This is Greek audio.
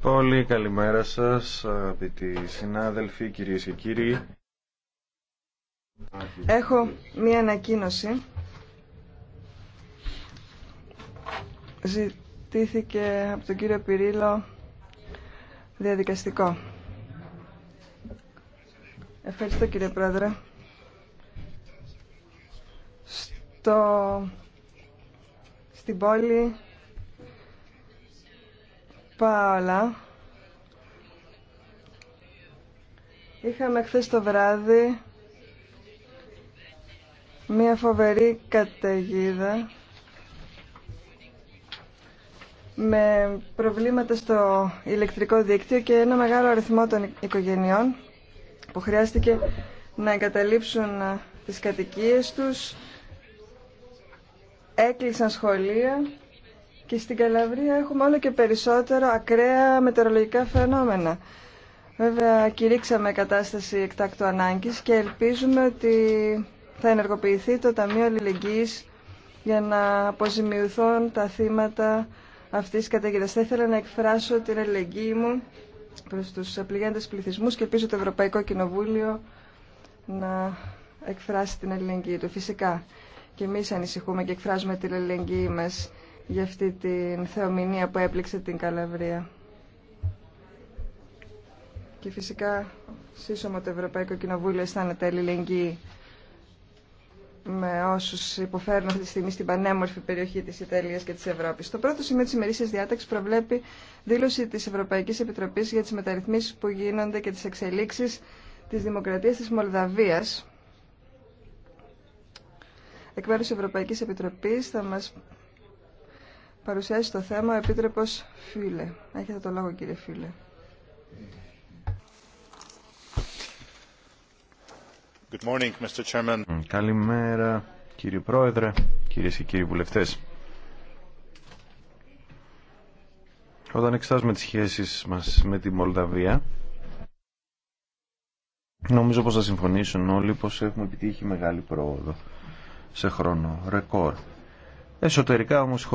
Πολύ καλημέρα σας, αγαπητοί συνάδελφοι, κυρίες και κύριοι. Έχω μία ανακοίνωση. Ζητήθηκε από τον κύριο Πυρίλο διαδικαστικό. Ευχαριστώ κύριε Πρόεδρε. Στο... Στην πόλη Πάολα. Είχαμε χθε το βράδυ μία φοβερή καταιγίδα με προβλήματα στο ηλεκτρικό δίκτυο και ένα μεγάλο αριθμό των οικογενειών που χρειάστηκε να εγκαταλείψουν τις κατοικίες τους, έκλεισαν σχολεία και στην Καλαβρία έχουμε όλο και περισσότερο ακραία μετεωρολογικά φαινόμενα. Βέβαια, κηρύξαμε κατάσταση εκτάκτου ανάγκης και ελπίζουμε ότι θα ενεργοποιηθεί το Ταμείο Αλληλεγγύης για να αποζημιωθούν τα θύματα αυτής τη καταγγελίας. Θα ήθελα να εκφράσω την αλληλεγγύη μου προς τους πληγέντες πληθυσμούς και ελπίζω το Ευρωπαϊκό Κοινοβούλιο να εκφράσει την αλληλεγγύη του. Φυσικά και εμείς ανησυχούμε και εκφράζουμε την αλληλεγγύη μας για αυτή την θεομηνία που έπληξε την Καλαβρία. Και φυσικά σύσσωμα το Ευρωπαϊκό Κοινοβούλιο αισθάνεται αλληλεγγύη με όσου υποφέρουν αυτή τη στιγμή στην πανέμορφη περιοχή τη Ιταλία και τη Ευρώπη. Το πρώτο σημείο τη ημερήσια διάταξη προβλέπει δήλωση τη Ευρωπαϊκή Επιτροπή για τι μεταρρυθμίσει που γίνονται και τι εξελίξει τη Δημοκρατία τη Μολδαβία. Εκ μέρου τη Ευρωπαϊκή Επιτροπή θα μα παρουσιάσει το θέμα ο Επίτρεπος Φίλε. Έχετε το λόγο κύριε Φίλε. Good morning, Mr. Chairman. Καλημέρα κύριε Πρόεδρε, κυρίες και κύριοι βουλευτές. Όταν εξετάζουμε τις σχέσεις μας με τη Μολδαβία, νομίζω πως θα συμφωνήσουν όλοι πως έχουμε επιτύχει μεγάλη πρόοδο σε χρόνο ρεκόρ. Εσωτερικά όμως